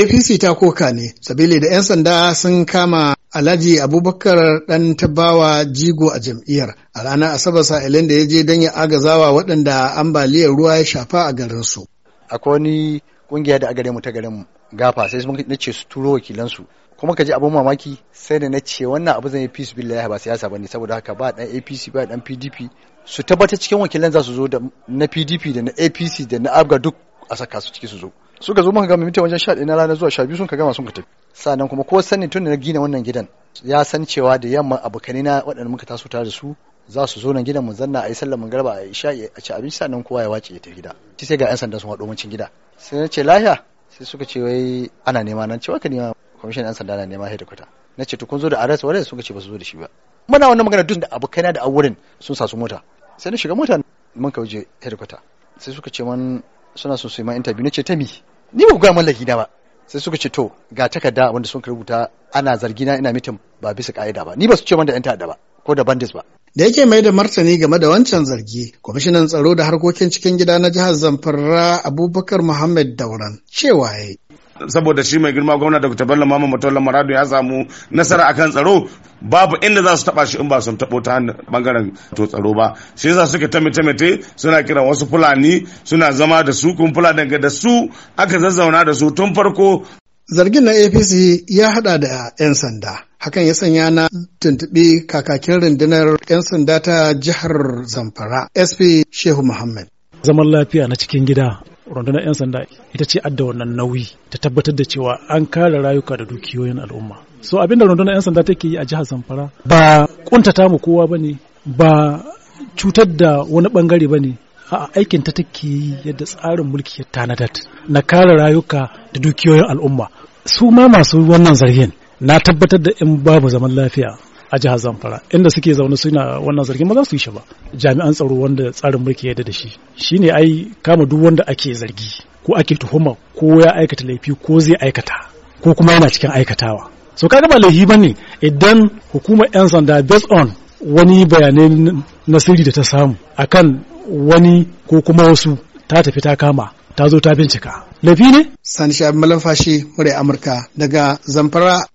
apc ta koka ne sabili da 'yan sanda sun kama alhaji abubakar dan tabawa jigo a jam'iyyar a ranar asabar sa'ilin da ya je don ya agazawa waɗanda ambaliyar ruwa ya shafa a garinsu akwai wani ƙungiya da a gare mu ta garin gafa sai mun ce su turo wakilansu kuma ka ji abin mamaki sai da na ce wannan abu zan yi peace billahi ba siyasa ba ne saboda haka ba dan APC ba dan PDP su tabbata cikin wakilan za su zo na PDP da na APC da na ABGA duk a saka su ciki su zo suka zo muka gama mutum wajen sha ɗaya na ranar zuwa sha biyu sun ka gama sun ka tafi sannan kuma ko sanin tun da na gina wannan gidan ya san cewa da yamma abokanai na waɗanda muka taso tare da su za su zo nan gidan mu zanna a yi sallar mun garba a yi sha a ci abinci sannan kowa ya wace ya tafi gida ci sai ga 'yan sanda sun haɗo mun gida sai na ce lahiya sai suka ce wai ana nema nan ce waka nema kwamishin 'yan sanda na nema kwata na ce tukun zo da arrest wadda suka ce ba su zo da shi ba muna wannan magana duk da abokaina da awurin sun sa su mota sai na shiga mota mun ka wuce kwata sai suka ce man suna so su yi ma interview nace ta mi ni ba ga mallaki na ba sai suka ce to ga takarda wanda sun rubuta ana zargi na ina mitin ba bisa ka'ida ba ni ba su ce wanda yan ta'adda ba ko da bandis ba da yake mai da martani game da wancan zargi kwamishinan tsaro da harkokin cikin gida na jihar zamfara abubakar muhammad dauran cewa ya saboda shi mai girma gwamna da bello mama matola maradu ya samu nasara akan tsaro babu inda za su taba shi in ba su tabo ta bangaren to tsaro ba shi yasa suke ta mete suna kiran wasu fulani suna zama da su kun daga da su aka zazzauna da su tun farko zargin na apc ya hada da 'yan sanda hakan ya sanya na tuntuɓi kakakin rundunar 'yan sanda ta jihar zamfara sp shehu muhammad zaman lafiya na cikin gida rundunar 'yan sanda ita ce adda wannan nauyi ta tabbatar da cewa an kare rayuka da dukiyoyin al'umma so abinda rundunar 'yan sanda take yi a jihar zamfara ba kuntata mu kowa ba ne ba cutar da wani bangare ba ne a aikin ta take yi yadda tsarin mulki ya tanadat na kare rayuka da dukiyoyin al'umma su ma masu wannan zargin na tabbatar da in babu zaman lafiya a jihar zamfara inda suke zaune suna wannan zargin ba za su yi shi ba jami'an tsaro wanda tsarin mulki ya da shi shine ai kama duk wanda ake zargi ko ake tuhuma ko ya aikata laifi ko zai aikata ko kuma yana cikin aikatawa so kaga ba laifi bane idan hukumar yan sanda based on wani bayanai na sirri da ta samu akan wani ko kuma wasu ta tafi ta kama ta zo ta bincika laifi ne sani shabi malamfashi murai amurka daga zamfara